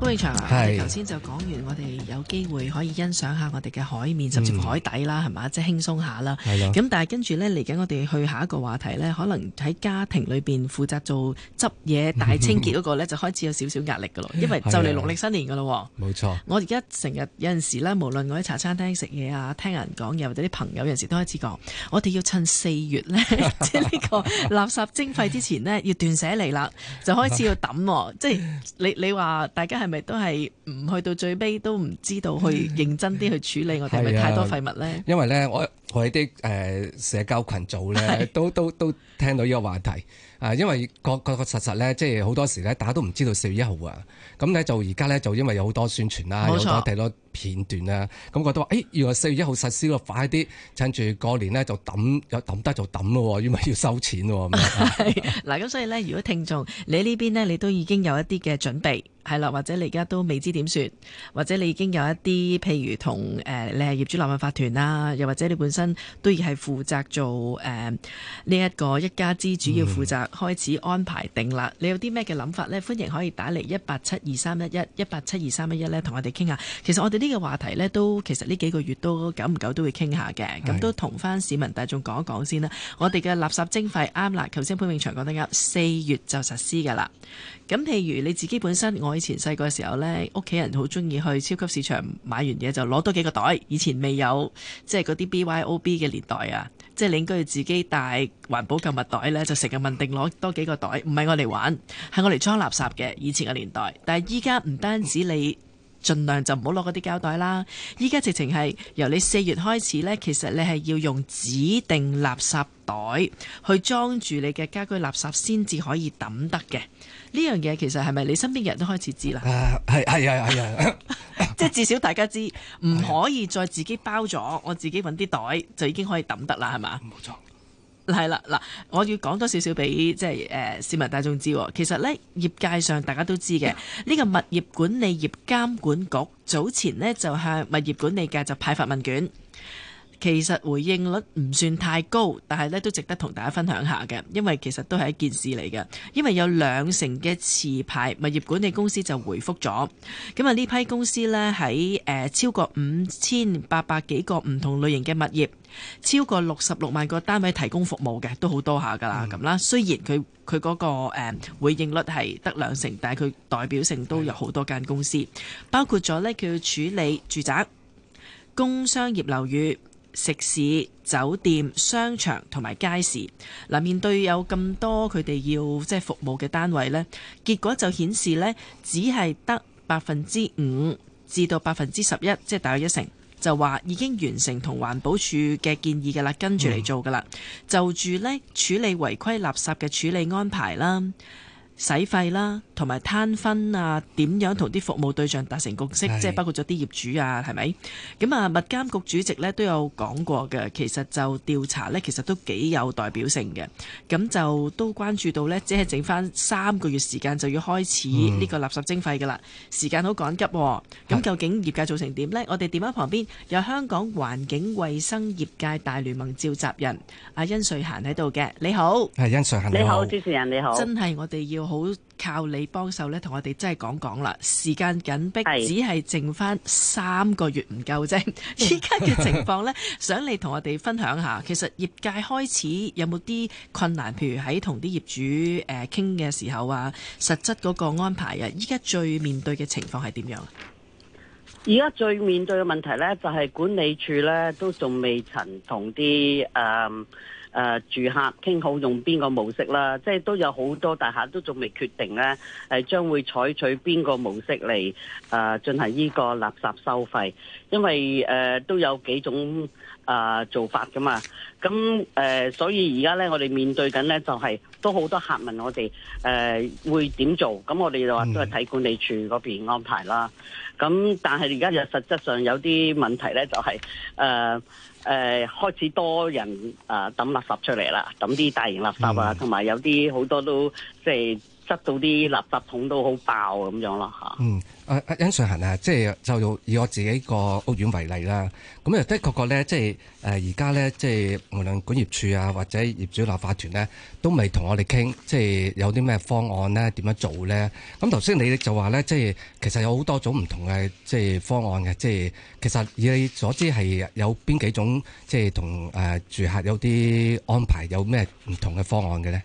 潘永祥、啊，我哋頭先就講完，我哋有機會可以欣賞下我哋嘅海面，甚至海底啦，係咪、嗯？即係、就是、輕鬆下啦。咁的但係跟住咧嚟緊，我哋去下一個話題咧，可能喺家庭裏邊負責做執嘢大清潔嗰個咧， 就開始有少少壓力㗎咯。因為就嚟農曆新年㗎咯。冇錯。我而家成日有陣時咧，無論我喺茶餐廳食嘢啊，聽人講嘢或者啲朋友有陣時都開始講，我哋要趁四月咧，即係呢個垃圾徵費之前咧，要斷捨離啦，就開始要抌。 即係你你話大家係。咪都係唔去到最尾都唔知道去認真啲去處理我，我哋係咪太多廢物咧？因為咧，我我喺啲誒社交群組咧， 都都都聽到呢個話題。啊，因為確確實實咧，即係好多時咧，大家都唔知道四月一號啊。咁咧就而家咧就因為有好多宣傳啦，錯有好多地多片段啦，咁覺得，話，誒，原來四月一號實施喎，快啲趁住過年咧就揼，有揼得就揼咯，因為要收錢喎。嗱咁 所以咧，如果聽眾你呢邊呢，你都已經有一啲嘅準備係啦，或者你而家都未知點算，或者你已經有一啲，譬如同誒、呃，你係業主立案法團啦，又或者你本身都要係負責做誒呢一個一家之主要負責。嗯開始安排定啦！你有啲咩嘅諗法呢？歡迎可以打嚟一八七二三一一一八七二三一一呢，同我哋傾下。其實我哋呢個話題呢，都其實呢幾個月都久唔久都會傾下嘅。咁的都同翻市民大眾講一講先啦。我哋嘅垃圾徵費啱啦，頭先潘永祥講得啱，四月就實施㗎啦。咁譬如你自己本身，我以前細個時候呢，屋企人好中意去超級市場買完嘢就攞多拿幾個袋。以前未有即係、就、嗰、是、啲 BYOB 嘅年代啊。即係你應該要自己帶環保購物袋呢就成日問定攞多幾個袋，唔係我嚟玩，係我嚟裝垃圾嘅。以前嘅年代，但係依家唔單止你盡量就唔好攞嗰啲膠袋啦，依家直情係由你四月開始呢，其實你係要用指定垃圾袋去裝住你嘅家居垃圾，先至可以抌得嘅。呢樣嘢其實係咪你身邊嘅人都開始知啦？係，係啊，係啊，即係 至少大家知唔可以再自己包咗，我自己揾啲袋就已經可以揼得啦，係嘛？冇錯，係啦。嗱，我要講多少少俾，即係誒市民大眾知，其實呢，業界上大家都知嘅，呢個物業管理業監管局早前呢，就向物業管理界就派發問卷。其實回應率唔算太高，但係呢都值得同大家分享一下嘅，因為其實都係一件事嚟嘅。因為有兩成嘅持牌物業管理公司就回覆咗，咁啊呢批公司呢，喺誒超過五千八百幾個唔同類型嘅物業，超過六十六萬個單位提供服務嘅，都好多下噶啦咁啦。雖然佢佢嗰個誒回應率係得兩成，但係佢代表性都有好多間公司，包括咗呢佢要處理住宅、工商業樓宇食肆、酒店、商場同埋街市，嗱、啊、面對有咁多佢哋要即係服務嘅單位呢，結果就顯示呢只係得百分之五至到百分之十一，即、就、係、是、大約一成，就話已經完成同環保署嘅建議噶啦，跟住嚟做噶啦，嗯、就住呢處理違規垃圾嘅處理安排啦。洗費啦，同埋攤分啊，點樣同啲服務對象達成共識，即係是包括咗啲業主啊，係咪？咁啊，物監局主席呢都有講過嘅，其實就調查呢，其實都幾有代表性嘅。咁就都關注到呢，即係剩翻三個月時間就要開始呢個垃圾徵費㗎啦，嗯、時間好趕急、啊。咁究竟業界做成點呢？是我哋電話旁邊有香港環境衛生業界大聯盟召集人阿甄瑞嫻喺度嘅，你好。係，甄瑞嫻你好。你好，主持人你好。你好真係我哋要。好靠你幫手咧，同我哋真係講講啦。時間緊迫，是只係剩翻三個月唔夠啫。而家嘅情況呢， 想你同我哋分享下。其實業界開始有冇啲困難，譬如喺同啲業主誒傾嘅時候啊，實質嗰個安排啊，依家最面對嘅情況係點樣？而家最面對嘅問題呢，就係、是、管理處呢，都仲未曾同啲誒。呃誒、呃、住客傾好用邊個模式啦，即係都有好多大廈都仲未決定咧、呃，將會採取邊個模式嚟誒、呃、進行呢個垃圾收費，因為誒、呃、都有幾種啊、呃、做法噶嘛，咁誒、呃、所以而家咧我哋面對緊咧就係、是、都好多客問我哋誒、呃、會點做，咁我哋就話都係睇管理處嗰邊安排啦，咁但係而家就實質上有啲問題咧、就是，就係誒。誒、呃，開始多人誒抌、呃、垃圾出嚟啦，抌啲大型垃圾啊，同埋、嗯、有啲好多都即係。得到啲垃圾桶都好爆咁樣咯嚇。嗯，阿阿甄瑞嫻啊，即係、嗯、就用、是、以我自己個屋苑為例啦。咁啊，的確確咧，即係誒而家咧，即、呃、係、就是、無論管業處啊，或者業主立法團咧，都未同我哋傾，即、就、係、是、有啲咩方案咧，點樣做咧。咁頭先你就話咧，即、就、係、是、其實有好多種唔同嘅即係方案嘅。即、就、係、是、其實以你所知係有邊幾種，即係同誒住客有啲安排，有咩唔同嘅方案嘅咧？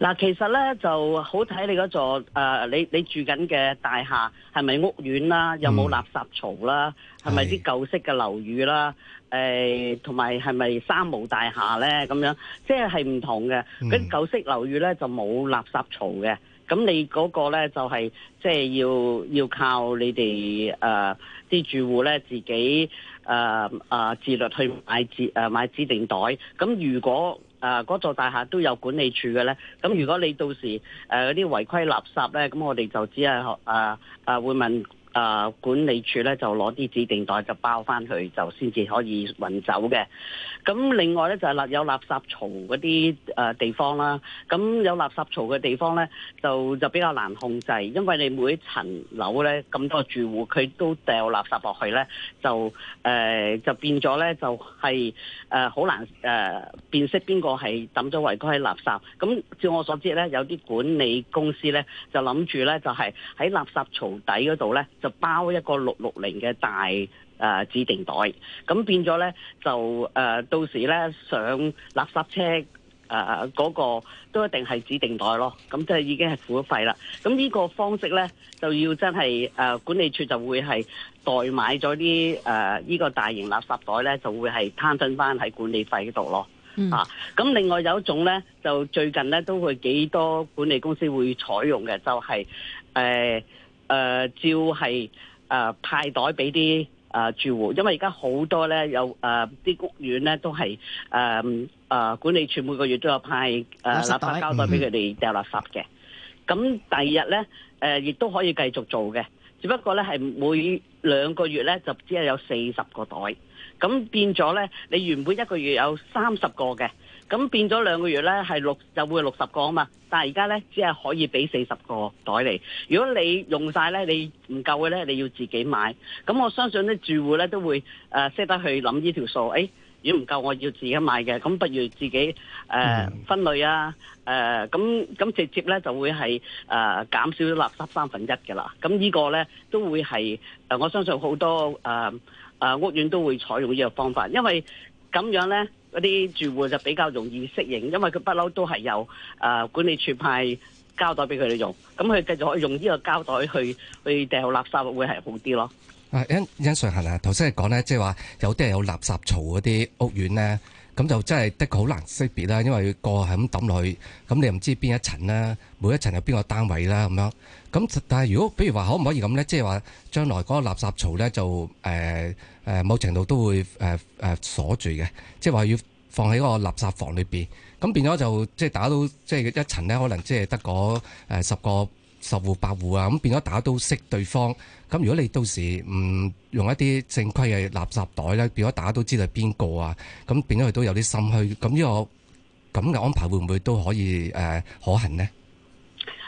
嗱，其實咧就好睇你嗰座誒、呃，你你住緊嘅大廈係咪屋苑啦、啊，有冇垃圾槽啦、啊，係咪啲舊式嘅樓宇啦、啊？誒、呃，同埋係咪三無大廈咧？咁樣即係係唔同嘅。嗰啲舊式樓宇咧就冇垃圾槽嘅。咁你嗰個咧就係、是、即係要要靠你哋誒啲住戶咧自己誒、呃呃、自律去買紙買指定袋。咁如果啊！嗰、呃、座大廈都有管理處嘅咧，咁如果你到時誒嗰啲違規垃圾咧，咁我哋就只係學誒誒、呃呃、會問。誒管理處咧就攞啲指定袋就包翻去，就先至可以運走嘅。咁另外咧就係垃有垃圾槽嗰啲誒地方啦。咁有垃圾槽嘅地方咧，就就比較難控制，因為你每一層樓咧咁多住戶，佢都掉垃圾落去咧，就誒就變咗咧就係誒好難誒辨識邊個係抌咗違規喺垃圾。咁照我所知咧，有啲管理公司咧就諗住咧就係喺垃圾槽底嗰度咧。就包一個六六零嘅大誒、呃、指定袋，咁變咗咧就誒、呃、到時咧上垃圾車誒嗰、呃那個都一定係指定袋咯，咁即係已經係付咗費啦。咁呢個方式咧就要真係誒、呃、管理處就會係代買咗啲誒呢個大型垃圾袋咧，就會係攤分翻喺管理費度咯。嗯、啊，咁另外有一種咧，就最近咧都會幾多管理公司會採用嘅，就係、是、誒。呃誒、呃、照係誒、呃、派袋俾啲誒住戶，因為而家好多咧有啲、呃、屋苑咧都係誒、呃呃、管理處每個月都有派垃圾膠袋俾佢哋掉垃圾嘅。咁、呃嗯、第二日咧誒亦都可以繼續做嘅，只不過咧係每兩個月咧就只係有四十個袋，咁變咗咧你原本一個月有三十個嘅。咁變咗兩個月咧，係六就會六十個啊嘛，但係而家咧只係可以俾四十個袋嚟。如果你用晒咧，你唔夠嘅咧，你要自己買。咁我相信咧，住戶咧都會誒識得去諗呢條數。誒、哎、如果唔夠，我要自己買嘅。咁不如自己誒、呃、分類啊，誒咁咁直接咧就會係誒、呃、減少垃圾三分一嘅啦。咁呢個咧都會係、呃、我相信好多誒、呃呃、屋苑都會採用呢個方法，因為咁樣咧。嗰啲住戶就比較容易適應，因為佢不嬲都係有誒、呃、管理處派膠袋俾佢哋用，咁佢繼續可以用呢個膠袋去去掟好垃圾，會係好啲咯。啊，欣欣尚行啊，頭先係講咧，即係話有啲係有垃圾槽嗰啲屋苑咧。咁就真係的確好難識別啦，因為個係咁抌落去，咁你又唔知邊一層啦，每一層有邊個單位啦，咁樣。咁但係如果，比如話可唔可以咁咧？即係話將來嗰個垃圾槽咧就誒誒、呃、某程度都會誒誒、呃呃、鎖住嘅，即係話要放喺個垃圾房裏邊。咁變咗就即係打到即係一層咧，可能即係得嗰十個。十戶百戶啊，咁變咗大家都識對方。咁如果你到時唔用一啲正規嘅垃圾袋咧，變咗大家都知道係邊個啊？咁變咗佢都有啲心虛。咁呢個咁嘅安排會唔會都可以誒可行咧？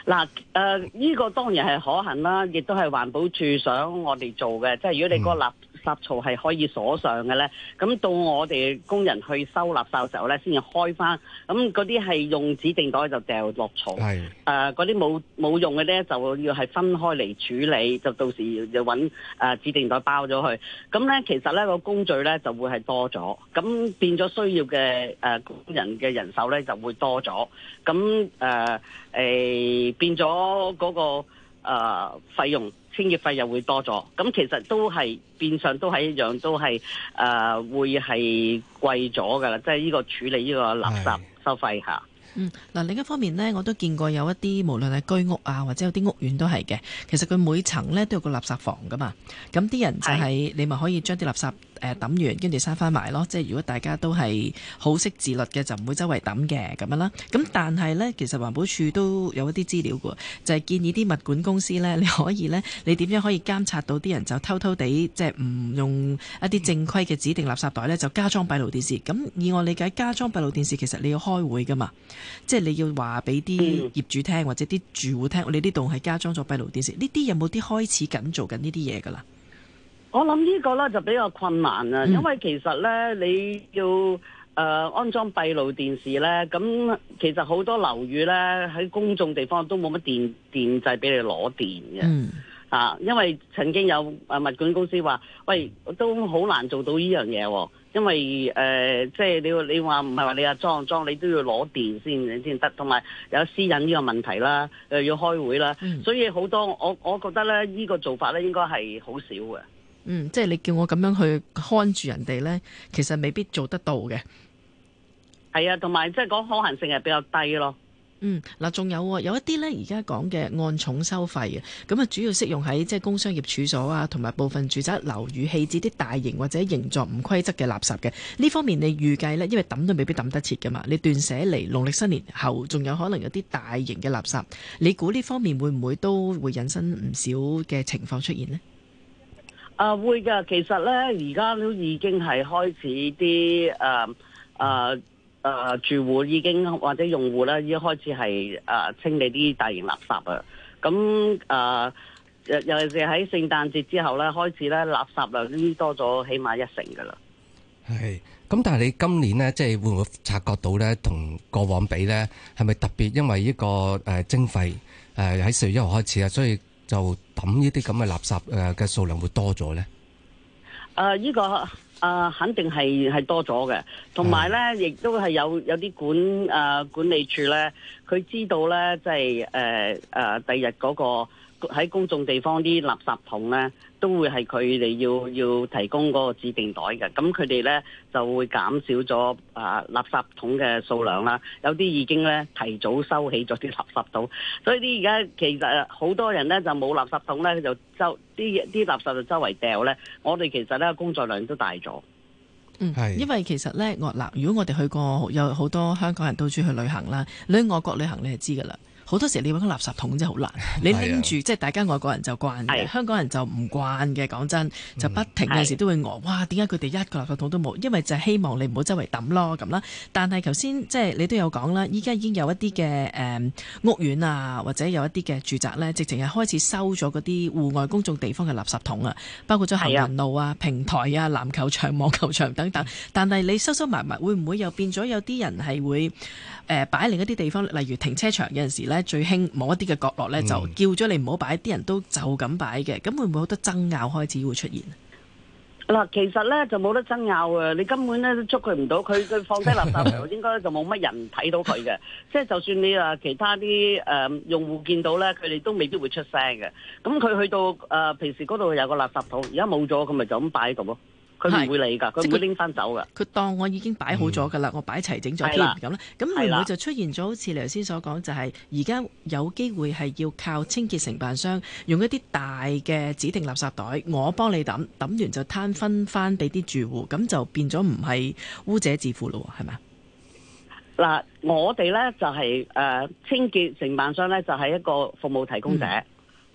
嗱，誒呢個當然係可行啦，亦都係環保署想我哋做嘅。即係如果你個垃垃圾槽係可以鎖上嘅咧，咁到我哋工人去收垃圾嘅時候咧，先至開翻。咁嗰啲係用指定袋就掉落槽，誒嗰啲冇冇用嘅咧，就要係分開嚟處理，就到時要揾誒指定袋包咗佢。咁咧其實咧個工序咧就會係多咗，咁變咗需要嘅誒工人嘅人手咧就會多咗，咁誒誒變咗嗰個誒費用。清潔費又會多咗，咁其實都係變相都係一樣，都係誒、呃、會係貴咗噶啦，即係呢個處理呢個垃圾收費吓。嗯，嗱、啊、另一方面呢，我都見過有一啲無論係居屋啊，或者有啲屋苑都係嘅，其實佢每層呢都有個垃圾房噶嘛，咁啲人就係、是、是你咪可以將啲垃圾。誒抌完跟住閂翻埋咯，即係如果大家都係好識自律嘅，就唔會周圍抌嘅咁樣啦。咁但係呢，其實環保署都有一啲資料嘅，就係建議啲物管公司呢，你可以呢，你點樣可以監察到啲人就偷偷地即係唔用一啲正規嘅指定垃圾袋呢，就加裝閉路電視。咁以我理解，加裝閉路電視其實你要開會㗎嘛，即係你要話俾啲業主聽或者啲住戶聽，你呢度係加裝咗閉路電視。呢啲有冇啲開始緊做緊呢啲嘢㗎啦？我諗呢個咧就比較困難啦，因為其實咧你要誒、呃、安裝閉路電視咧，咁其實好多樓宇咧喺公眾地方都冇乜電電掣俾你攞電嘅、嗯、啊，因為曾經有啊物管公司話，喂，都好難做到呢樣嘢喎，因為誒即係你你話唔係話你啊裝裝，你都要攞電先先得，同埋有，有私隱呢個問題啦，誒、呃、又要開會啦，所以好多我我覺得咧呢、這個做法咧應該係好少嘅。嗯，即係你叫我咁樣去看住人哋呢，其實未必做得到嘅。係啊，同埋即係講可行性係比較低咯。嗯，嗱，仲有有一啲呢，而家講嘅按重收費嘅，咁啊主要適用喺即係工商業處所啊，同埋部分住宅樓宇棄置啲大型或者形狀唔規則嘅垃圾嘅。呢方面你預計呢，因為抌都未必抌得切噶嘛，你斷捨離，農曆新年後仲有可能有啲大型嘅垃圾，你估呢方面會唔會都會引申唔少嘅情況出現呢？啊會噶，其實咧，而家都已經係開始啲誒誒誒住戶已經或者用戶咧，已經開始係誒、呃、清理啲大型垃圾啊。咁誒、呃、尤其是喺聖誕節之後咧，開始咧，垃圾量已經多咗起碼一成噶啦。係，咁但係你今年咧，即係會唔會察覺到咧，同過往比咧，係咪特別因為呢個誒、呃、徵費誒喺四月一號開始啊，所以？就抌呢啲咁嘅垃圾，誒嘅數量會多咗咧？誒，呢個誒肯定係係多咗嘅，同埋咧，亦都係有有啲管誒管理處咧，佢知道咧，即係誒誒第日嗰個喺公眾地方啲垃圾桶咧。都會係佢哋要要提供嗰個指定袋嘅，咁佢哋呢就會減少咗啊垃圾桶嘅數量啦。有啲已經呢提早收起咗啲垃圾桶，所以啲而家其實好多人呢就冇垃圾桶呢就周啲啲垃圾就周圍掉呢，我哋其實呢工作量都大咗。嗯，係是，因為其實呢外，如果我哋去過有好多香港人都出去旅行啦，你喺外國旅行你係知噶啦。好多時你揾個垃圾桶真係好難，你拎住、啊、即係大家外國人就慣嘅，啊、香港人就唔慣嘅。講、啊、真，就不停有時都會餓。哇，點解佢哋一個垃圾桶都冇？因為就係希望你唔好周圍抌咯咁啦。但係頭先即係你都有講啦，依家已經有一啲嘅誒屋苑啊，或者有一啲嘅住宅呢，直情係開始收咗嗰啲戶外公眾地方嘅垃圾桶啊，包括咗行人路啊、平台啊、籃球場、網球場等等。啊、但係你收收埋埋，會唔會又變咗有啲人係會誒、呃、擺喺另一啲地方，例如停車場有陣時呢。喺最興某一啲嘅角落咧，就叫咗你唔好擺，啲人都就咁擺嘅，咁會唔會好多爭拗開始會出現啊？嗱，其實咧就冇得爭拗啊！你根本咧都捉佢唔到，佢佢放低垃圾桶，應該就冇乜人睇到佢嘅。即係就算你啊其他啲誒，用戶見到咧，佢哋都未必會出聲嘅。咁佢去到誒，平時嗰度有個垃圾桶，而家冇咗，咁咪就咁擺咁咯。佢唔會理噶，佢是會拎翻走噶。佢當我已經擺好咗噶啦，嗯、我擺齊整咗添咁咧。咁會唔會就出現咗好似你頭先所講，就係而家有機會係要靠清潔承辦商用一啲大嘅指定垃圾袋，我幫你抌，抌完就攤分翻俾啲住戶，咁就變咗唔係污者自付咯，係咪？嗱，我哋呢就係誒清潔承辦商呢，就係一個服務提供者。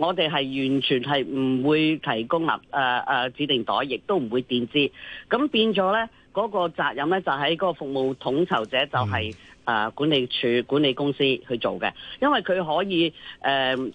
我哋係完全係唔會提供立誒誒指定袋，亦都唔會墊支，咁變咗咧嗰個責任咧就喺、是、個服務統籌者、就是，就係誒管理處管理公司去做嘅，因為佢可以誒誒、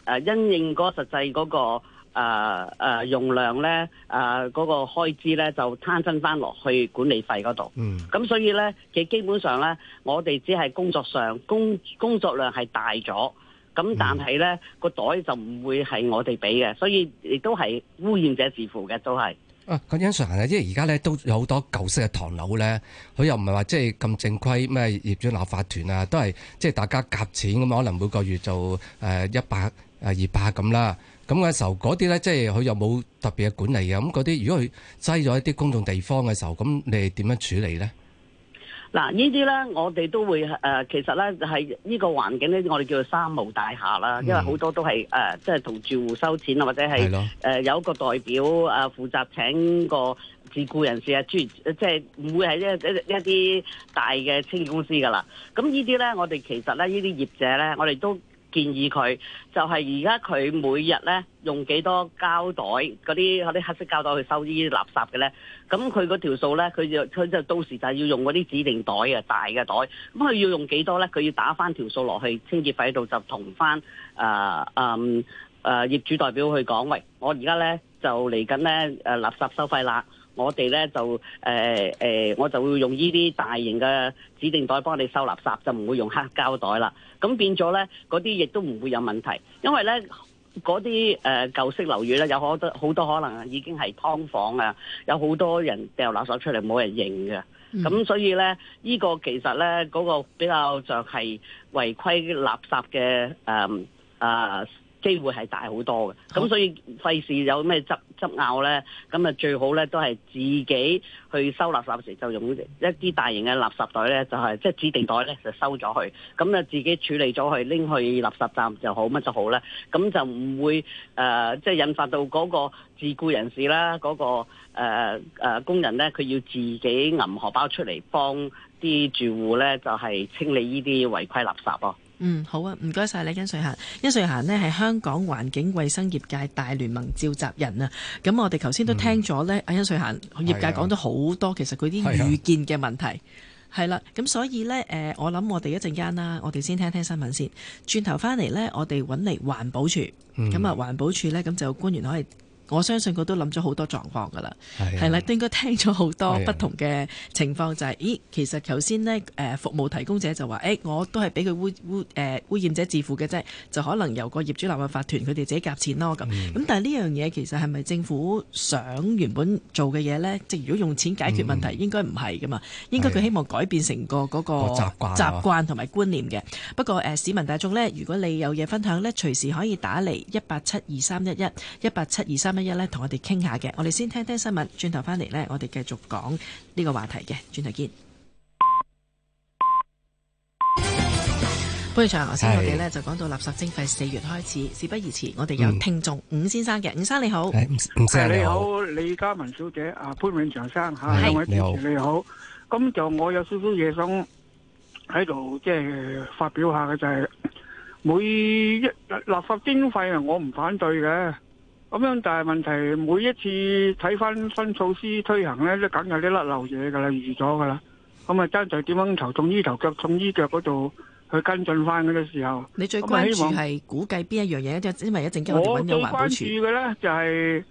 呃、因應嗰實際嗰、那個誒誒、呃呃、用量咧誒嗰個開支咧就攤分翻落去管理費嗰度。嗯，咁所以咧，其實基本上咧，我哋只係工作上工工作量係大咗。咁但係咧個袋就唔會係我哋俾嘅，所以亦都係污染者自負嘅，都係。啊，咁正常啊，因為而家咧都有好多舊式嘅唐樓咧，佢又唔係話即係咁正規，咩業主立法團啊，都係即係大家夾錢咁，可能每個月就誒一百啊二百咁啦。咁嘅時候，嗰啲咧即係佢又冇特別嘅管理嘅，咁嗰啲如果佢擠咗一啲公眾地方嘅時候，咁你哋點樣處理咧？嗱，呢啲咧我哋都會誒、呃，其實咧係呢個環境咧，我哋叫做三無大廈啦，因為好多都係誒，即、呃、係同住戶收錢啊，或者係誒的、呃、有一個代表啊、呃、負責請個自雇人士啊，即係唔會係一一啲大嘅清潔公司噶啦。咁呢啲咧，我哋其實咧呢啲業者咧，我哋都建議佢，就係而家佢每日咧用幾多膠袋嗰啲嗰啲黑色膠袋去收呢啲垃圾嘅咧？咁佢嗰條數咧，佢就佢就到時就係要用嗰啲指定袋啊，大嘅袋。咁佢要用幾多咧？佢要打翻條數落去清潔費度，就同翻誒誒誒業主代表去講。喂，我而家咧就嚟緊咧誒垃圾收費啦。我哋咧就誒誒、呃呃，我就會用呢啲大型嘅指定袋幫你收垃圾，就唔會用黑膠袋啦。咁變咗咧，嗰啲亦都唔會有問題，因為咧。嗰啲誒舊式樓宇咧，有好多好多可能已經係劏房啊，有好多人掉垃圾出嚟冇人認嘅，咁、嗯、所以咧，呢、呢個其實咧嗰、嗰個比較就係違規垃圾嘅誒、嗯、啊、機會係大好多嘅，咁所以費事有咩執執拗咧，咁啊最好咧都係自己去收垃圾時就用一啲大型嘅垃圾袋咧，就係即係指定袋咧就收咗佢，咁啊自己處理咗去拎去垃圾站就好，乜就好呢。咁就唔會誒即係引發到嗰個自雇人士啦，嗰、嗰個誒、呃呃、工人咧，佢要自己銀荷包出嚟幫啲住戶咧就係、係、清理呢啲違規垃圾咯、啊。嗯，好啊，唔該晒你甄瑞嫻，甄瑞嫻呢係香港環境衛生業界大聯盟召集人啊。咁我哋頭先都聽咗呢阿甄瑞嫻業界講咗好多，其實佢啲預見嘅問題係啦。咁、啊啊、所以呢，誒，我諗我哋一陣間啦，我哋先聽聽新聞先，轉頭翻嚟呢，我哋搵嚟環保署，咁啊、嗯，環保署呢，咁就官員可以。我相信佢都諗咗好多狀況㗎啦，係啦 Yeah.，都應該聽咗好多不同嘅情況，就係 Yeah. 咦，其實頭先咧，誒、呃、服務提供者就話誒、欸、我都係俾佢污污誒、呃、污染者自負嘅啫，就可能由個業主立案法團佢哋自己夾錢咯咁，咁、mm. 但係呢樣嘢其實係咪政府想原本做嘅嘢咧？即係如果用錢解決問題、mm. 應該唔係㗎嘛，應該佢希望改變成、個嗰、mm. 個習慣同埋觀念嘅。不過誒、呃、市民大眾咧，如果你有嘢分享咧，隨時可以打嚟一八七二三一一一八七二三。乜嘢咧？同我哋傾下嘅，我哋先聽聽新聞，轉頭翻嚟咧，我哋繼續講呢個話題嘅，轉頭見。潘永祥，頭先我哋咧就講到垃圾徵費四月開始，事不宜遲。我哋有聽眾伍先生嘅，伍、嗯、生你好，你好，哎、你好你好李嘉文小姐，阿潘永祥生吓，你好的的你好，咁好就我有少少嘢想喺度即係發表下嘅、就是，就係每一垃圾徵費啊，我唔反對嘅。咁樣，但係問題，每一次睇翻新措施推行咧，都梗有啲甩漏嘢噶啦，預咗噶啦。咁啊，爭在點樣頭中醫頭腳中醫腳嗰度，去跟進翻嗰個時候？你最關注係估計邊一樣嘢？就因為一陣間我哋搵我最關注嘅咧就係、是，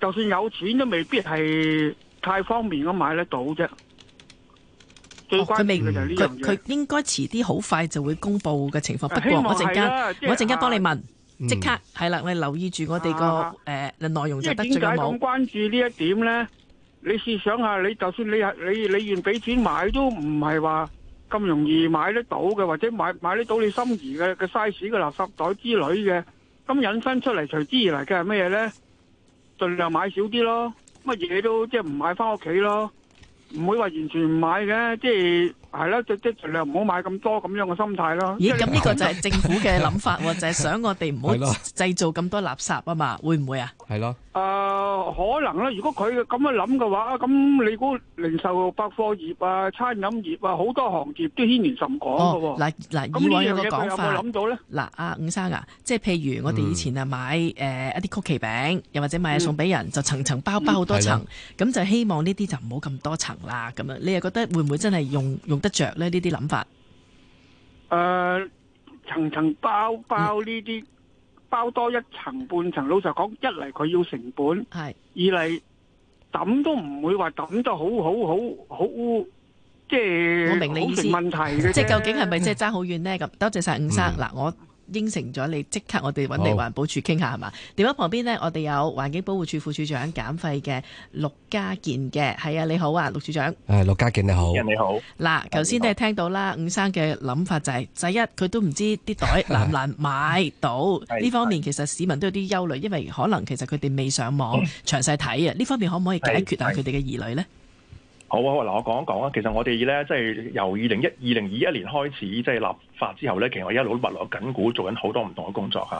就算有錢都未必係太方便咁買得到啫。最關注嘅就係呢樣嘢。佢應該遲啲好快就會公布嘅情況。不過我陣間，啊就是啊、我一陣間幫你問。啊即刻係啦，你留意住我哋個誒內容就得最緊要。即係點解咁關注呢一點咧？你試想下，你就算你係你你願俾錢買，都唔係話咁容易買得到嘅，或者買買得到你心儀嘅嘅 size 嘅垃圾袋之類嘅。咁引申出嚟，隨之而嚟嘅係咩嘢咧？盡量買少啲咯，乜嘢都即係唔買翻屋企咯，唔會話完全唔買嘅，即係。係咯，即盡量唔好買咁多咁樣嘅心態咯。咦，咁呢個就係政府嘅諗法， 就係想我哋唔好製造咁多垃圾啊嘛？ 會唔會啊？係咯的、呃。可能啦。如果佢咁樣諗嘅話，咁你估零售百貨業啊、餐飲業啊，好多、啊、多行業都牽連就唔講嗱嗱，咁、哦、呢樣嘢有冇諗到咧？嗱，阿、啊、伍生啊，即係譬如我哋以前啊買誒、嗯呃、一啲曲奇餅，又或者買嘢送俾人，就層層包包好多層，咁、嗯嗯、 就希望呢啲就唔好咁多層啦。咁樣，你又覺得會唔會真係用用？用得著咧呢啲諗法。誒層層包包呢啲包多一層半層，老實講，一嚟佢要成本，二嚟抌都唔會話抌得好好好好，即係好成問題，即係究竟係咪即係爭好遠咧？咁多謝曬吳生，嗱我。應承咗你即刻，我哋揾嚟環保處傾下係嘛？電話好旁邊呢，我哋有環境保護署副署長減廢嘅陸嘉健嘅，係啊，你好啊，陸署長。誒、啊，陸嘉健你好。你好。嗱、啊，頭先都係聽到啦，伍好生嘅諗法就係、是，第一佢都唔知啲袋難唔難買到呢 方面，其實市民都有啲憂慮，因為可能其實佢哋未上網、嗯、詳細睇啊，呢方面可唔可以解決下佢哋嘅疑慮呢？好啊，嗱，我講一講啊。其實我哋咧，即係由二零一二零二一年開始，即係立法之後咧，其實我一路都密鑼緊鼓，做緊好多唔同嘅工作嚇。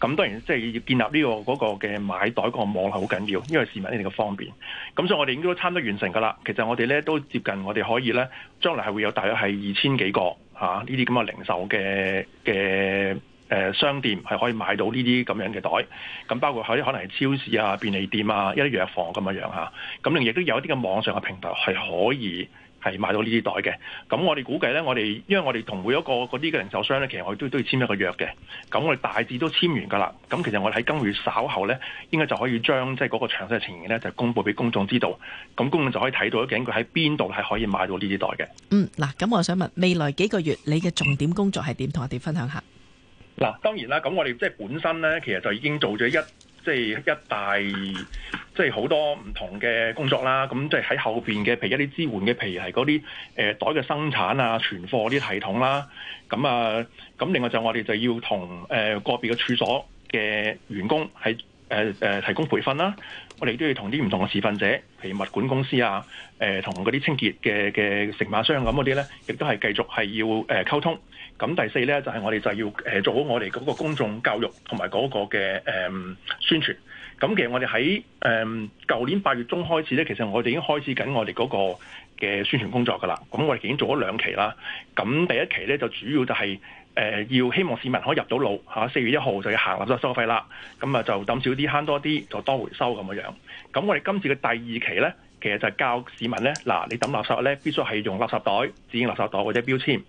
咁、啊、當然，即係要建立呢、呢個嗰、嗰個嘅買袋個網係好緊要，因為市民一定嘅方便。咁所以，我哋應該都差唔多完成噶啦。其實我哋咧都接近，我哋可以咧，將來係會有大約係二千幾個嚇呢啲咁嘅零售嘅嘅。的誒商店係可以買到呢啲咁樣嘅袋，咁包括喺可能係超市啊、便利店啊、一啲藥房咁樣樣嚇，咁另亦都有一啲嘅網上嘅平台係可以係買到呢啲袋嘅。咁我哋估計咧，我哋因為我哋同每一個嗰啲嘅零售商咧，其實我哋都都要簽一個約嘅。咁我哋大致都簽完噶啦。咁其實我哋喺今月稍後咧，應該就可以將即係嗰個詳細嘅情形咧，就公布俾公眾知道。咁公眾就可以睇到究竟佢喺邊度係可以買到呢啲袋嘅。嗯，嗱，咁我想問未來幾個月你嘅重點工作係點？同我哋分享一下。嗱，當然啦，咁我哋即係本身咧，其實就已經做咗一即係、就是、一大即係好多唔同嘅工作啦。咁即係喺後面嘅，譬如一啲支援嘅，譬如係嗰啲誒袋嘅生產啊、存貨啲系統啦。咁啊，咁、呃、另外就我哋就要同誒個別嘅處所嘅員工係誒、呃呃、提供培訓啦。我哋都要同啲唔同嘅持份者，譬如物管公司啊，誒同嗰啲清潔嘅嘅承辦商咁嗰啲咧，亦都係繼續係要誒溝、呃、通。咁第四咧就係、是、我哋就要做好我哋嗰個公眾教育同埋嗰個嘅誒、嗯、宣傳。咁其實我哋喺誒舊年八月中開始咧，其實我哋已經開始緊我哋嗰個嘅宣傳工作噶啦。咁我哋已經做咗兩期啦。咁第一期咧就主要就係誒要希望市民可以入到腦。四月一號就要行垃圾收費啦。咁啊就抌少啲慳多啲，就多回收咁樣。咁我哋今次嘅第二期咧，其實就教市民咧，嗱、啊、你抌垃圾咧必須係用垃圾袋、指定垃圾袋或者標籤。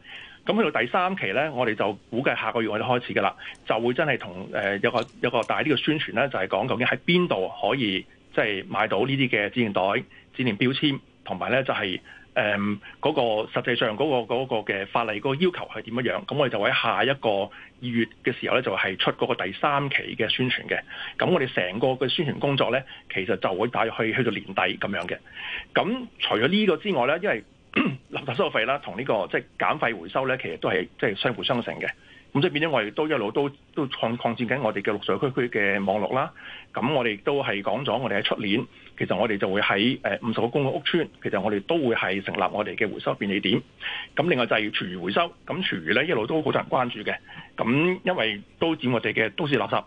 咁去到第三期咧，我哋就估計下個月我哋開始㗎啦，就會真係同誒有個有個大啲嘅宣傳咧，就係、是、講究竟喺邊度可以即係、就是、買到呢啲嘅指定袋、指定標籤，同埋咧就係誒嗰個實際上嗰、那個嗰、那個嘅法例嗰、那個要求係點樣。咁我哋就喺下一個二月嘅時候咧，就係、是、出嗰個第三期嘅宣傳嘅。咁我哋成個嘅宣傳工作咧，其實就會大概去去到年底咁樣嘅。咁除咗呢個之外咧，因為 垃圾收費啦，同呢個即係減廢回收咧，其實都係即係相輔相成嘅。咁即係變咗，我哋都一路都都擴擴展緊我哋嘅綠在區區嘅網絡啦。咁我哋都係講咗，我哋喺出年，其實我哋就會喺誒五十個公共屋邨，其實我哋都會係成立我哋嘅回收便利點。咁另外就係廚餘回收，咁廚餘咧一路都好多人關注嘅。咁因為都佔我哋嘅都市垃圾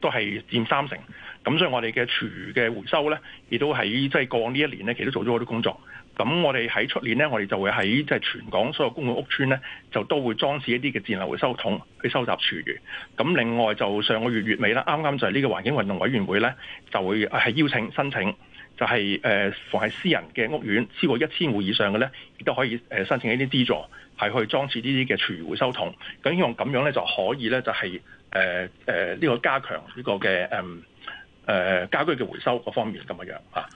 都係佔三成，咁所以我哋嘅廚餘嘅回收咧，亦都喺即係過往呢一年咧，其實都做咗好多工作。咁我哋喺出年咧，我哋就會喺即係全港所有公共屋邨咧，就都會裝置一啲嘅戰流回收桶去收集廚餘。咁另外就上個月月尾啦，啱啱就係呢個環境運動委員會咧，就會係邀請申請，就係誒逢喺私人嘅屋苑超過一千戶以上嘅咧，亦都可以誒申請一啲資助，係去裝置呢啲嘅廚餘回收桶。咁希望咁樣咧就可以咧、就係，就係誒誒呢個加強呢個嘅誒、呃、家居嘅回收嗰方面咁嘅樣嚇，咁、啊、呢、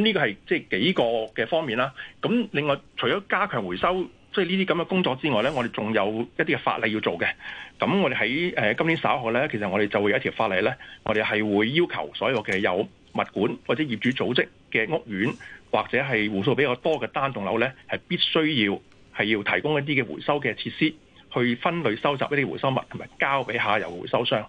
嗯這個係即係幾個嘅方面啦。咁、啊嗯、另外除咗加強回收，即係呢啲咁嘅工作之外咧，我哋仲有一啲嘅法例要做嘅。咁、嗯、我哋喺誒今年稍後咧，其實我哋就會有一條法例咧，我哋係會要求所有嘅有物管或者業主組織嘅屋苑或者係戶數比較多嘅單棟樓咧，係必須要係要提供一啲嘅回收嘅設施，去分類收集一啲回收物，同埋交俾下游回收商。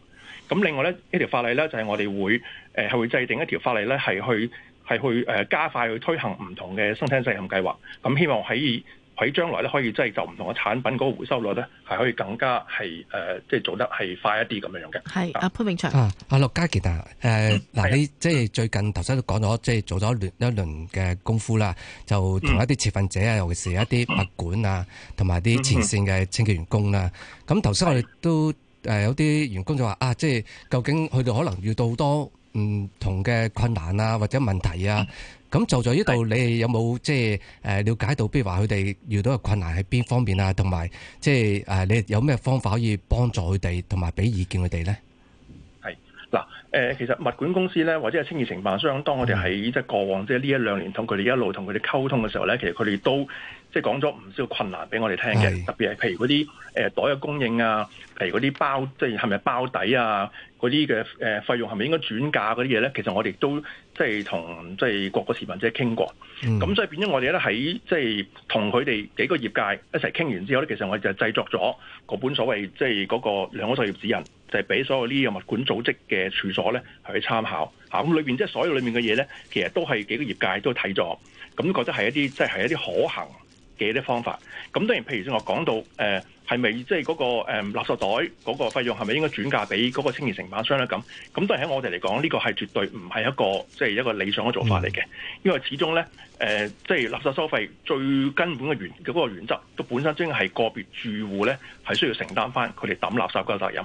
咁另外咧，一條法例咧，就係、是、我哋會誒係、呃、會制定一條法例咧，係去係去誒、呃、加快去推行唔同嘅生產者責任計劃。咁、嗯、希望喺喺將來咧，可以真係就唔同嘅產品嗰個回收率咧，係可以更加係誒、呃、即係做得係快一啲咁樣樣嘅。係阿潘永祥啊，阿陸嘉健啊，誒嗱你即係最近頭先都講咗，即係做咗一輪嘅功夫啦，就同一啲持份者啊，嗯、尤其是一啲物管啊，同埋啲前線嘅清潔員工啦、啊。咁頭先我哋都。誒、呃，有啲員工就話啊，即係究竟佢哋可能遇到好多唔同嘅困難啊，或者問題啊，咁、嗯、就在呢度，你有冇即係誒瞭解到，譬如話佢哋遇到嘅困難喺邊方面啊，同埋即係誒、呃、你有咩方法可以幫助佢哋，同埋俾意見佢哋咧？係嗱，誒、呃、其實物管公司咧，或者係清潔承辦商，當我哋喺即係過往即係呢一兩年同佢哋一路同佢哋溝通嘅時候咧，其實佢哋都。即係講咗唔少困難俾我哋聽嘅，是特別係譬如嗰啲誒袋嘅供應啊，譬如嗰啲包，即係係咪包底啊，嗰啲嘅誒費用係咪應該轉嫁嗰啲嘢咧？其實我哋都即係同即係各個市民即係傾過，咁、嗯、所以變咗我哋咧喺即係同佢哋幾個業界一齊傾完之後咧，其實我哋就係製作咗個本所謂即係嗰個兩個作業指引，就係、是、俾所有呢個物管組織嘅處所咧去參考吓。咁裏邊即係所有裏面嘅嘢咧，其實都係幾個業界都睇咗，咁覺得係一啲即係係一啲可行。嘅啲方法，咁當然，譬如先我講到，誒、呃，係咪即係嗰個誒、嗯、垃圾袋嗰個費用係咪應該轉嫁俾嗰個清潔承辦商咧？咁，咁都係喺我哋嚟講呢個係絕對唔係一個即係、就是、一個理想嘅做法嚟嘅，因為始終咧，誒即係垃圾收費最根本嘅原嗰、那個、原則都本身即係個別住戶咧係需要承擔翻佢哋抌垃圾個責任。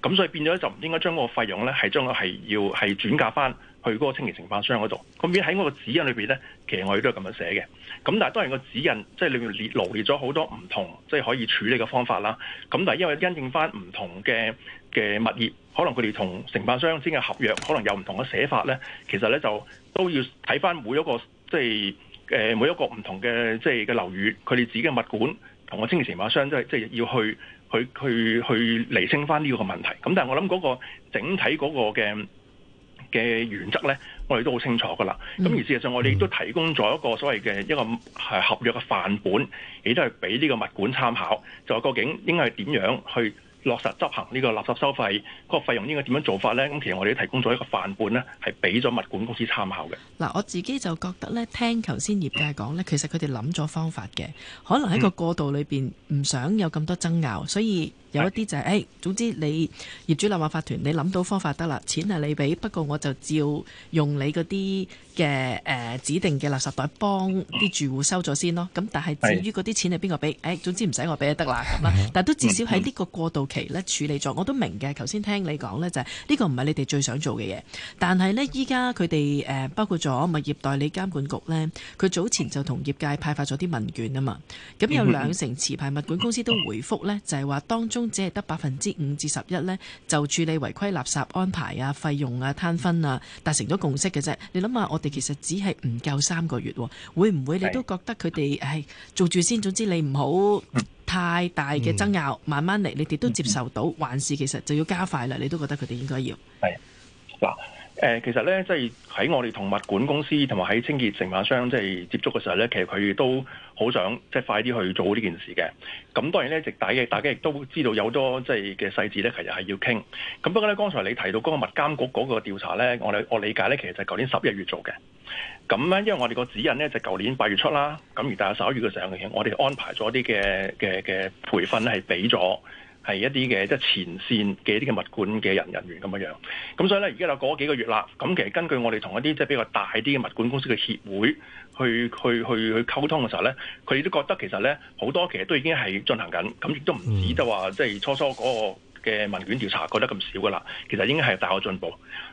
咁所以變咗就唔應該將個費用咧係將係要係轉嫁翻去嗰個清潔承辦商嗰度。咁變喺我個指引裏邊咧，其實我亦都係咁樣寫嘅。咁但係當然個指引即係裏面列羅列咗好多唔同即係、就是、可以處理嘅方法啦。咁但係因為因應翻唔同嘅嘅物業，可能佢哋同承辦商之間嘅合約可能有唔同嘅寫法咧，其實咧就都要睇翻每一個即係、就是、每一個唔同嘅即係嘅樓宇，佢哋自己嘅物管同個清潔承辦商即係即係要去，去去去釐清返呢個問題，咁但係我諗嗰個整體嗰個嘅嘅原則咧，我哋都好清楚㗎啦。咁而事實上，我哋亦都提供咗一個所謂嘅一個合約嘅範本，亦都係俾呢個物管參考，就究竟應該係點樣去落實執行呢個垃圾收費，個費用應該點樣做法呢？咁其實我哋都提供咗一個範本呢，係俾咗物管公司參考嘅。嗱，我自己就覺得呢，聽頭先業界講呢，其實佢哋諗咗方法嘅，可能喺個過渡裏邊唔想有咁多爭拗，所以，有一啲就係、是、誒、哎，總之你業主立案法團，你諗到方法得啦，錢係你俾，不過我就照用你嗰啲嘅誒指定嘅垃圾袋幫啲住戶收咗先咯。咁但係至於嗰啲錢係邊個俾？誒、哎，總之唔使我俾就得啦。但都至少喺呢個過渡期咧處理咗。我都明嘅。頭先聽你講呢就係、是、呢個唔係你哋最想做嘅嘢，但係呢，依家佢哋誒包括咗物業代理監管局呢，佢早前就同業界派發咗啲問卷啊嘛。咁有兩成持牌物管公司都回覆呢，就係、是、話當中。只係得百分之五至十一呢，就處理違規垃圾安排啊、費用啊、攤分啊，達成咗共識嘅啫。你諗下，我哋其實只係唔夠三個月，啊，會唔會你都覺得佢哋係做住先？總之你唔好太大嘅爭拗，嗯、慢慢嚟，你哋都接受到。還是其實就要加快啦，你都覺得佢哋應該要係嗱誒，其實呢，即係喺我哋同物管公司同埋喺清潔承包商即係接觸嘅時候呢，其實佢都。好想即係快啲去做呢件事嘅，咁當然咧，直打嘅大家亦都知道有多即係嘅細節咧，其實係要傾。咁不過咧，剛才你提到嗰個物監局嗰個調查咧，我我理解咧，其實就係舊年十一月做嘅。咁咧，因為我哋個指引咧就舊年八月出啦，咁而大係十一月嘅時候嘅，我哋安排咗啲嘅嘅嘅培訓咧係俾咗係一啲嘅即係前線嘅一啲嘅物管嘅人人員咁樣樣。咁所以咧，而家就過咗幾個月啦。咁其實根據我哋同一啲即係比較大啲嘅物管公司嘅協會，去去去去溝通嘅時候咧，佢哋都覺得其實咧好多其實都已經係進行緊，咁亦都唔止就話即係初初嗰個嘅問卷調查覺得咁少噶啦，其實應該係大嘅進步。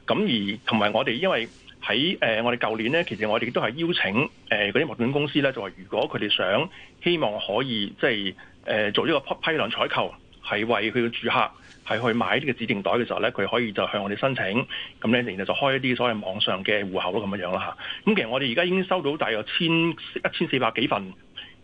咁而同埋我哋因為喺誒、呃、我哋舊年咧，其實我哋都係邀請誒嗰啲物管公司咧，就話如果佢哋想希望可以即係誒、呃、做呢個批批量採購。係為佢嘅住客係去買呢個指定袋嘅時候咧，佢可以就向我哋申請，咁咧然後就開一啲所謂網上嘅戶口咯，咁樣樣啦嚇。咁其實我哋而家已經收到大約千一千四百幾份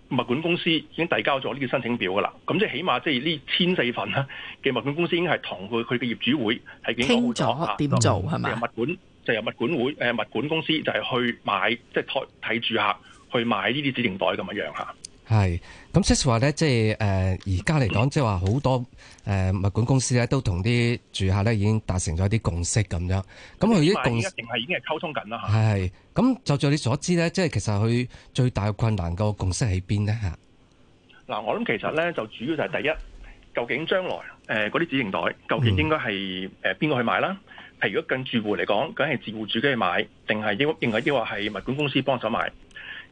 物管公司已經遞交咗呢個申請表噶啦。咁即係起碼即係呢千四份啦嘅物管公司已經係同佢佢嘅業主會係傾咗點做係嘛？即係了物管，就由物管會誒物管公司就係去買，即係託睇住客去買呢啲指定袋咁樣樣嚇。係咁、呃，即係話咧，即係誒，而家嚟講，即係話好多誒物管公司咧，都同啲住客咧已經達成咗一啲共識咁樣。咁佢啲共識一定係已經係溝通緊啦嚇。係，咁就正如你所知咧，即係其實佢最大困難個共識喺邊呢？嚇？嗱，我諗其實咧就主要就係第一，究竟將來誒嗰啲指定袋究竟應該係誒邊個去買啦？譬、嗯、如果近住戶嚟講，梗係住戶自己去買，定係應該抑或話係物管公司幫手買？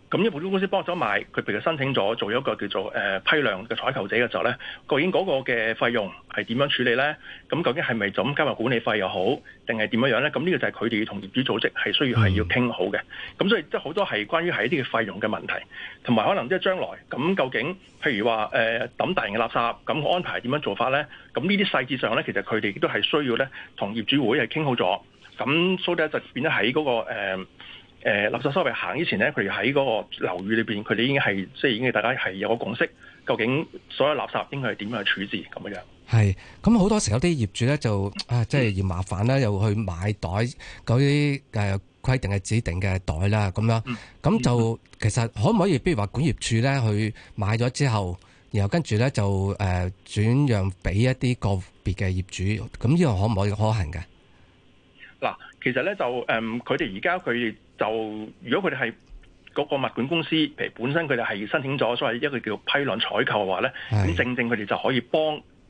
咁因本保公司幫咗買，佢譬如申請咗做一個叫做誒、呃、批量嘅採購者嘅時候咧，究竟嗰個嘅費用係點樣處理咧？咁究竟係咪就咁加入管理費又好，定係點樣樣咧？咁呢個就係佢哋同業主組織係需要係、嗯、要傾好嘅。咁所以即係好多係關於係呢啲嘅費用嘅問題，同埋可能即係將來咁究竟譬如話誒抌大型嘅垃圾咁、嗰個、安排點樣做法咧？咁呢啲細節上咧，其實佢哋亦都係需要咧同業主會係傾好咗。咁所以就變咗喺嗰個、呃誒、呃，垃圾收費行之前咧，佢哋喺嗰個樓宇裏邊，佢哋已經係即係，已經大家係有個共識，究竟所有垃圾應該係點樣去處置咁樣。係，咁好多時有啲業主咧就、嗯、啊，即係嫌麻煩啦，又去買袋嗰啲誒規定嘅指定嘅袋啦，咁樣。咁、嗯、就、嗯、其實可唔可以，比如話管業處咧去買咗之後，然後跟住咧就誒轉、呃、讓俾一啲個別嘅業主，咁呢樣可唔可以可行嘅？嗱，其實咧就誒，佢哋而家佢。就如果佢哋係嗰個物管公司，譬如本身佢哋係申請咗所謂一個叫批量採購嘅話咧，咁是正正佢哋就可以幫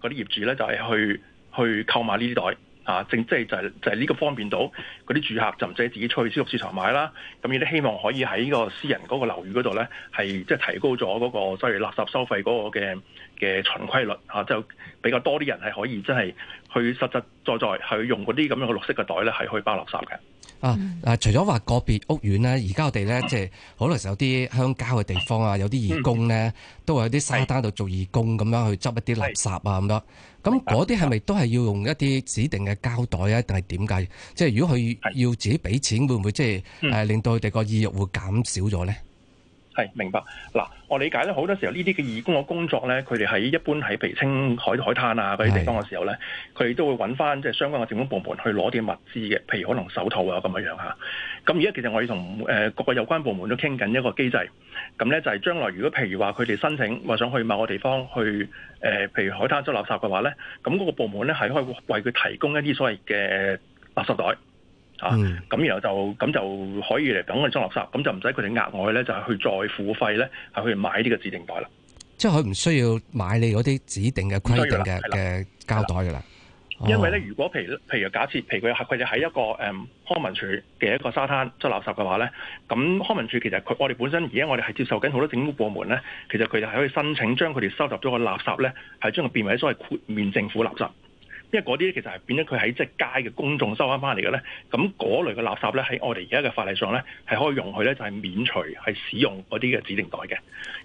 嗰啲業主咧，就係、是、去去購買呢啲袋啊，正即係就是、就係、是、呢個方便到嗰啲住客就唔使自己出去消極市場買啦。咁亦都希望可以喺呢個私人嗰個樓宇嗰度咧，係即係提高咗嗰、那個即係垃圾收費嗰個嘅嘅循規率啊，就比較多啲人係可以即係、就是、去實實在在去用嗰啲咁樣嘅綠色嘅袋咧，係去包垃圾嘅。啊啊！除咗話個別屋苑咧，而家我哋咧、啊、即係好多時候有啲鄉郊嘅地方啊，有啲義工咧、嗯、都會有啲沙灘度做義工咁樣去執一啲垃圾啊咁樣。咁嗰啲係咪都係要用一啲指定嘅膠袋啊？定係點解？即係如果佢要自己俾錢，的會唔會即係、嗯啊、令到佢哋個意欲會減少咗咧？係，明白。嗱，我理解咧，好多時候呢啲嘅義工嘅工作咧，佢哋喺一般喺譬如清海海灘啊嗰啲地方嘅時候咧，佢是都會搵翻即係相關嘅政府部門去攞啲物資嘅，譬如可能手套啊咁樣樣嚇。咁而家其實我哋同誒各個有關部門都傾緊一個機制，咁咧就係將來如果譬如話佢哋申請話想去某個地方去、呃、譬如海灘執垃圾嘅話咧，咁嗰個部門咧係可以為佢提供一啲所謂嘅垃圾袋。啊，咁、嗯、然後就咁就可以嚟講嘅裝垃圾，咁就唔使佢哋額外咧，就係、是、去再付費咧，係去買呢個指定袋啦。即係佢唔需要買你嗰啲指定嘅規定嘅嘅膠袋嘅啦。哦、因為咧，如果譬如譬如假設，譬如佢佢哋喺一個、嗯、康文署嘅一個沙灘執垃圾嘅話咧，咁康文署其實佢我哋本身而家我哋係接受緊好多政府部門咧，其實佢哋係可以申請將佢哋收集咗個垃圾咧，係將佢變為所謂豁免政府垃圾。因為嗰啲咧其實係變咗佢喺即係街嘅公眾收翻翻嚟嘅咧，咁嗰類嘅垃圾咧喺我哋而家嘅法例上咧係可以用佢咧就係免除係使用嗰啲嘅指定袋嘅。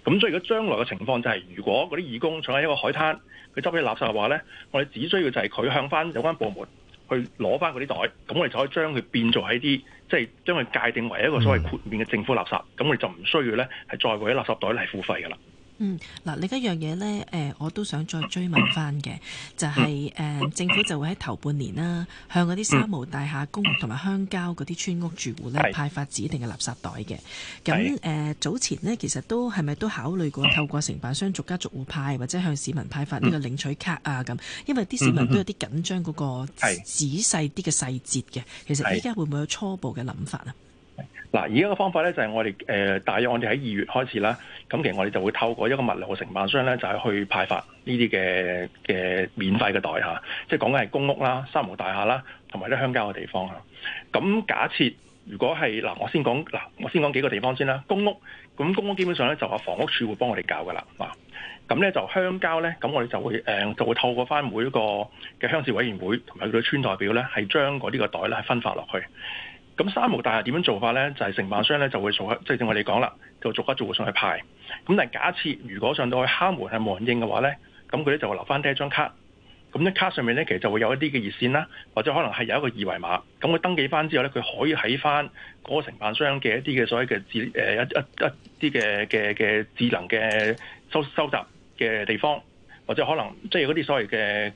咁所以如果將來嘅情況就係、是，如果嗰啲義工坐喺一個海灘，佢執起垃圾嘅話咧，我哋只需要就係佢向翻有關部門去攞翻嗰啲袋，咁我哋就可以將佢變做喺啲即係將佢界定為一個所謂豁免嘅政府垃圾，咁我哋就唔需要咧係再為啲垃圾袋嚟付費㗎啦。嗯，嗱，另一樣嘢咧，我都想再追問翻嘅，就係、是、誒、呃，政府就會喺頭半年啦、啊，向嗰啲三無大廈公屋同埋鄉郊嗰啲村屋住戶咧是派發指定嘅垃圾袋嘅。咁誒是、呃，早前呢，其實都係咪都考慮過透過承辦商逐家逐戶派，或者向市民派發呢個領取卡啊咁？因為啲市民都有啲緊張嗰個是仔細啲嘅細節嘅。其實依家會唔會有初步嘅諗法啊？嗱，而家嘅方法咧就係我哋誒，大約我哋喺二月開始啦，咁其實我哋就會透過一個物流嘅承辦商咧，就係去派發呢啲嘅嘅免費嘅袋嚇，即係講緊係公屋啦、三無大廈啦，同埋啲鄉郊嘅地方嚇。咁假設如果係嗱，我先講嗱，我先講幾個地方先啦，公屋，咁公屋基本上咧就係房屋署會幫我哋搞㗎啦，嗱，咁咧就鄉郊咧，咁我哋就會誒就會透過翻每一個嘅鄉事委員會同埋佢嘅村代表咧，係將嗰呢個袋咧分發落去。咁三無大廈點樣做法咧？就係、是、承辦商咧就會做，即係正如我哋講啦，就逐一做會上去派。咁但係假設如果上到去敲門係冇人應嘅話咧，咁佢咧就會留翻低一張卡。咁啲卡上面咧其實就會有一啲嘅熱線啦，或者可能係有一個二維碼。咁佢登記翻之後咧，佢可以喺翻嗰個承辦商嘅一啲嘅所謂嘅智、呃、一一一啲嘅嘅嘅智能嘅收收集嘅地方，或者可能即係嗰啲所謂嘅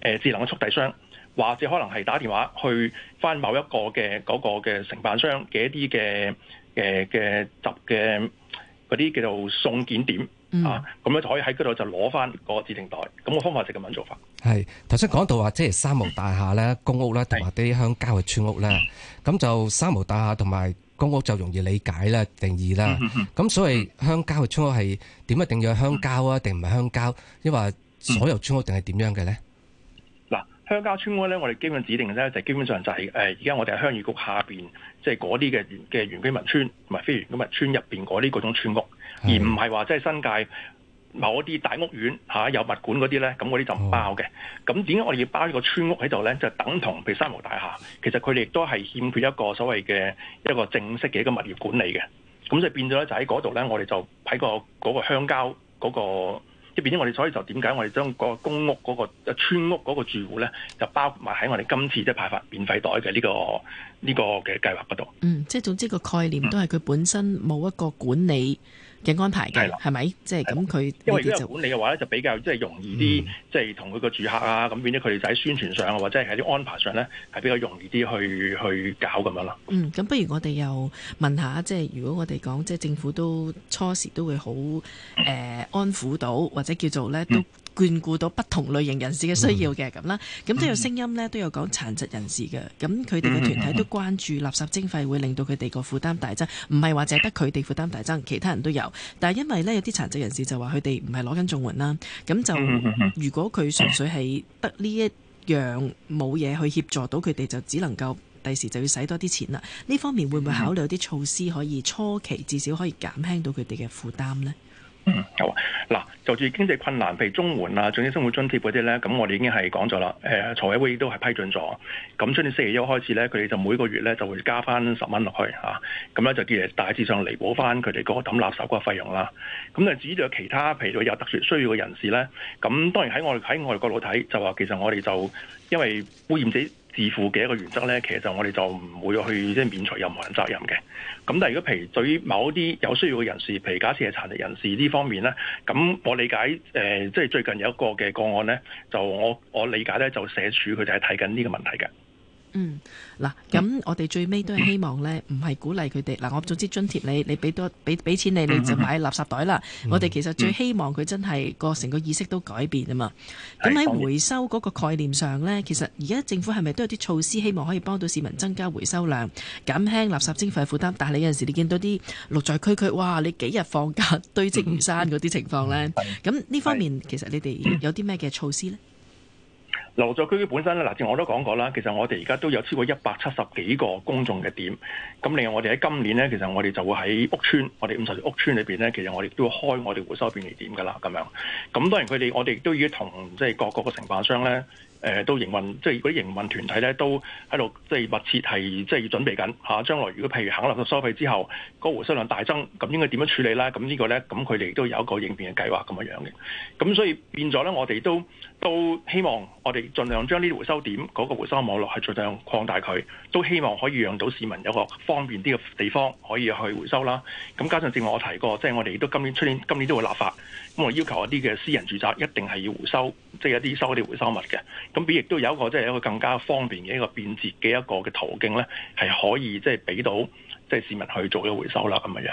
嘅智能嘅速遞箱。或者可能係打電話去翻某一個嘅嗰個嘅承辦商嘅一啲嘅誒嘅集嘅嗰啲叫做送件點啊，咁樣就可以喺嗰度就攞翻嗰個指定袋。咁個方法就係咁樣做法。係頭先講到話，即係三無大廈咧、公屋咧，同埋啲鄉郊嘅村屋咧。咁就三無大廈同埋公屋就容易理解啦、定義啦。咁所謂鄉郊嘅村屋係點？一定係鄉郊啊，定唔係鄉郊？因為所有村屋定係點樣嘅咧？鄉郊村屋咧，我哋基本指定咧，就、基本上就係誒而家我哋喺鄉議局下邊，即係嗰啲嘅嘅原居民村唔係非原居民村入邊嗰啲嗰種村屋，的而唔係話即係新界某啲大屋苑嚇、啊、有物管嗰啲咧，咁嗰啲就唔包嘅。咁點解我哋要包呢個村屋喺度咧？就、等同譬如三無大廈，其實佢哋亦都係欠缺一個所謂嘅一個正式嘅一個物業管理嘅。咁就變咗咧，就喺嗰度咧，我哋就喺、個嗰、個鄉郊嗰、個。即係變咗，我哋所以就點解我哋將個公屋嗰個村屋嗰個住戶咧，就包埋喺我哋今次即係派發免費袋嘅呢個呢個嘅計劃嗰度。嗯，即係總之個概念都係佢本身冇一個管理。嘅安排嘅，係咪的？即係咁佢因為一管理嘅話咧，的就比較即係容易啲，即係同佢個住客啊，咁變咗佢哋就喺宣傳上啊，或者係喺啲安排上咧，係比較容易啲去去搞咁樣咯。嗯，咁不如我哋又問下，即係如果我哋講，即係政府都初時都會好誒、呃、安撫到，或者叫做咧都。嗯眷顧到不同類型人士嘅需要嘅咁啦，咁、嗯、都有聲音呢，都有講殘疾人士嘅，咁佢哋嘅團體都關注垃圾徵費會令到佢哋個負擔大增，唔係話淨係得佢哋負擔大增，其他人都有。但係因為呢，有啲殘疾人士就話佢哋唔係攞緊綜援啦，咁就如果佢純粹係得呢一樣冇嘢去協助到佢哋，就只能夠第時就要使多啲錢啦。呢方面會唔會考慮有啲措施可以初期至少可以減輕到佢哋嘅負擔呢？嗯，好、啊。嗱，就住經濟困難，譬如綜援啊，總之生活津貼嗰啲咧，咁我哋已經係講咗啦。誒、呃，財委會都係批准咗。咁，自從四月一開始咧，佢哋就每個月咧就會加翻十蚊落去嚇。咁、啊、咧就叫大致上彌補翻佢哋嗰個抌垃圾嗰個費用啦。咁就至於有其他，譬如有特殊需要嘅人士咧，咁當然喺我哋喺外國度睇，就話其實我哋就因為污染者。自付嘅一個原則咧，其實我就我哋就唔會去即係、就是、免除任何人責任嘅。咁但係如果譬如對於某一啲有需要嘅人士，譬如假設係殘疾人士呢方面咧，咁我理解即係、呃就是、最近有一個嘅個案咧，就我我理解咧，就社署佢就係睇緊呢個問題嘅。嗯，嗱，咁我哋最尾都係希望咧，唔係鼓勵佢哋。嗱，我總之津貼你，你俾多俾俾錢你，你就買垃圾袋啦。嗯、我哋其實最希望佢真係個成個意識都改變啊嘛。咁喺回收嗰個概念上咧，其實而家政府係咪都有啲措施，希望可以幫到市民增加回收量，減輕垃圾徵費負擔？但係你有陣時你見到啲綠在區區，哇！你幾日放假堆積如山嗰啲情況咧？咁呢方面其實你哋有啲咩嘅措施咧？綠在區區本身咧，嗱，正如我都講過啦。其實我哋而家都有超過一百七十幾個公眾嘅點。咁另外我哋喺今年咧，其實我哋就會喺屋邨，我哋五十條屋邨裏邊咧，其實我哋都會開我哋回收便利點噶啦。咁樣咁當然佢哋，我哋亦都已經同即係各個嘅承辦商咧。誒都營運，即係嗰啲營運團體咧，都喺度即係密切係即係要準備緊嚇、啊。將來如果譬如肯立咗收費之後，嗰、那個、回收量大增，咁應該點樣處理咧？咁呢個咧，咁佢哋都有一個應變嘅計劃咁樣樣嘅。咁所以變咗咧，我哋都都希望我哋盡量將呢啲回收點嗰、那個回收網絡係盡量擴大佢，都希望可以讓到市民有個方便啲嘅地方可以去回收啦。咁加上正如我提過，即、就、係、是、我哋都今年出年今年都會立法，咁我要求一啲嘅私人住宅一定係要回收，即、就、係、是、一啲收一啲回收物嘅。咁亦都有一個即係一個更加方便嘅一個便捷嘅一個嘅途徑咧，係可以即係俾到即係市民去做嘅回收啦咁樣。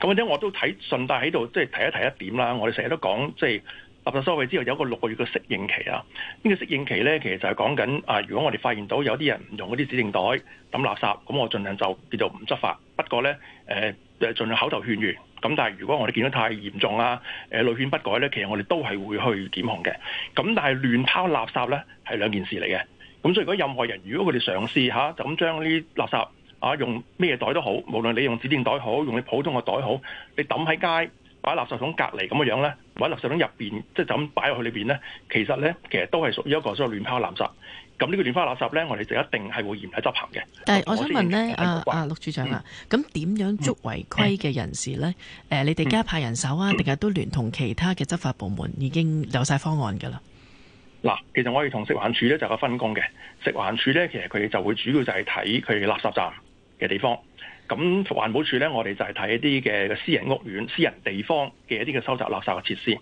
咁或者我都睇順帶喺度即係提一提一點啦。我哋成日都講即係垃圾收費之後有一個六個月嘅適應期啊。呢、這個適應期咧，其實就係講緊啊，如果我哋發現到有啲人唔用嗰啲指定袋抌垃圾，咁我儘量就叫做唔執法。不過咧誒。誒盡量口頭勸喻，咁但係如果我哋見到太嚴重啦誒，屢勸不改咧，其實我哋都係會去檢控嘅。咁但係亂拋垃圾咧，係兩件事嚟嘅。咁所以如果任何人如果佢哋嘗試下，就咁將呢啲垃圾啊，用咩袋都好，無論你用指定袋好，用你普通嘅袋好，你抌喺街，擺垃圾桶隔離咁嘅樣咧，或者垃圾桶入面，即係就咁擺落去裏面咧，其實咧，其實都係屬於一個所謂亂拋垃圾。咁呢個亂花垃圾咧，我哋就一定係會嚴厲執行嘅。但係我想問咧，阿阿陸處長啊，咁點、嗯、樣捉違規嘅人士咧？誒、嗯啊，你哋加家派人手啊，定係、嗯、都聯同其他嘅執法部門已經有晒方案噶啦？嗱、就是，其實我哋同食環署咧就係個分工嘅。食環署咧，其實佢哋就會主要就係睇佢垃圾站嘅地方。咁環保署咧，我哋就係睇一啲嘅私人屋苑、私人地方嘅一啲嘅收集垃圾嘅設施。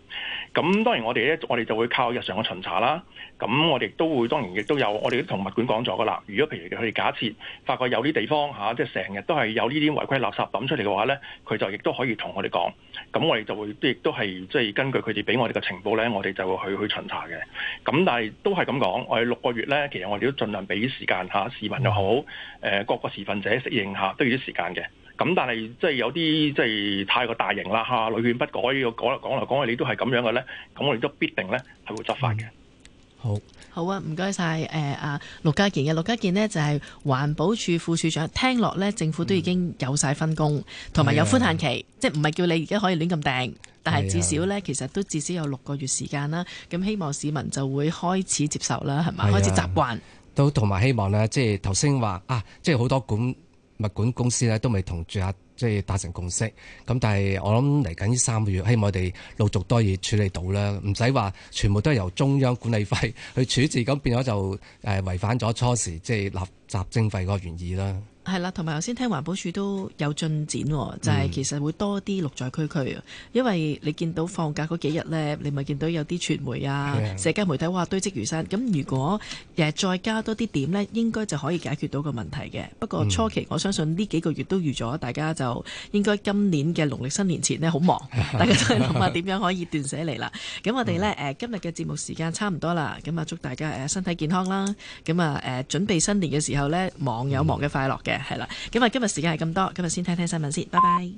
咁當然我哋咧，我哋就會靠日常嘅巡查啦。咁我哋都會當然亦都有，我哋同物管講咗㗎喇。如果譬如佢哋假設發覺有啲地方嚇、啊，即係成日都係有呢啲違規垃圾抌出嚟嘅話咧，佢就亦都可以同我哋講。咁我哋就會亦都係即係根據佢哋俾我哋嘅情報咧，我哋就會去去巡查嘅。咁但係都係咁講，我哋六個月咧，其實我哋都盡量俾啲時間嚇、啊、市民又好，誒、呃、各個持份者適應下都要啲時間嘅。咁但係即係有啲即係太過大型啦嚇，屢、啊、勸不改要講來講嚟講去，你都係咁樣嘅咧，咁我哋都必定咧係會執法嘅。好，好啊，唔該晒。誒、呃、啊，陸嘉健嘅陸嘉健呢就係、是、環保署副署長。聽落呢，政府都已經有晒分工，同埋、嗯、有，有寬限期，是的即係唔係叫你而家可以亂咁訂，但係至少呢，的其實都至少有六個月時間啦。咁希望市民就會開始接受啦，係咪？的開始習慣都同埋希望呢，即係頭先話啊，即係好多管物管公司呢，都未同住客。即係達成共識，咁但係我諗嚟緊呢三個月，希望我哋陸續多嘢處理到啦，唔使話全部都係由中央管理費去處置，咁變咗就誒違反咗初時即係垃圾徵費個原意啦。係啦，同埋頭先聽環保署都有進展，就係、是、其實會多啲綠在區區，嗯、因為你見到放假嗰幾日呢，你咪見到有啲傳媒啊、的社交媒體話堆積如山。咁如果再加多啲點呢，應該就可以解決到個問題嘅。不過初期、嗯、我相信呢幾個月都預咗大家就應該今年嘅農曆新年前呢好忙， 大家都係諗下點樣可以斷捨離啦。咁我哋呢，嗯、今日嘅節目時間差唔多啦，咁啊祝大家身體健康啦，咁啊誒準備新年嘅時候呢，忙有忙嘅快樂嘅。嗯係啦，咁啊， 今日時間係咁多，今日先聽聽新聞先，拜拜。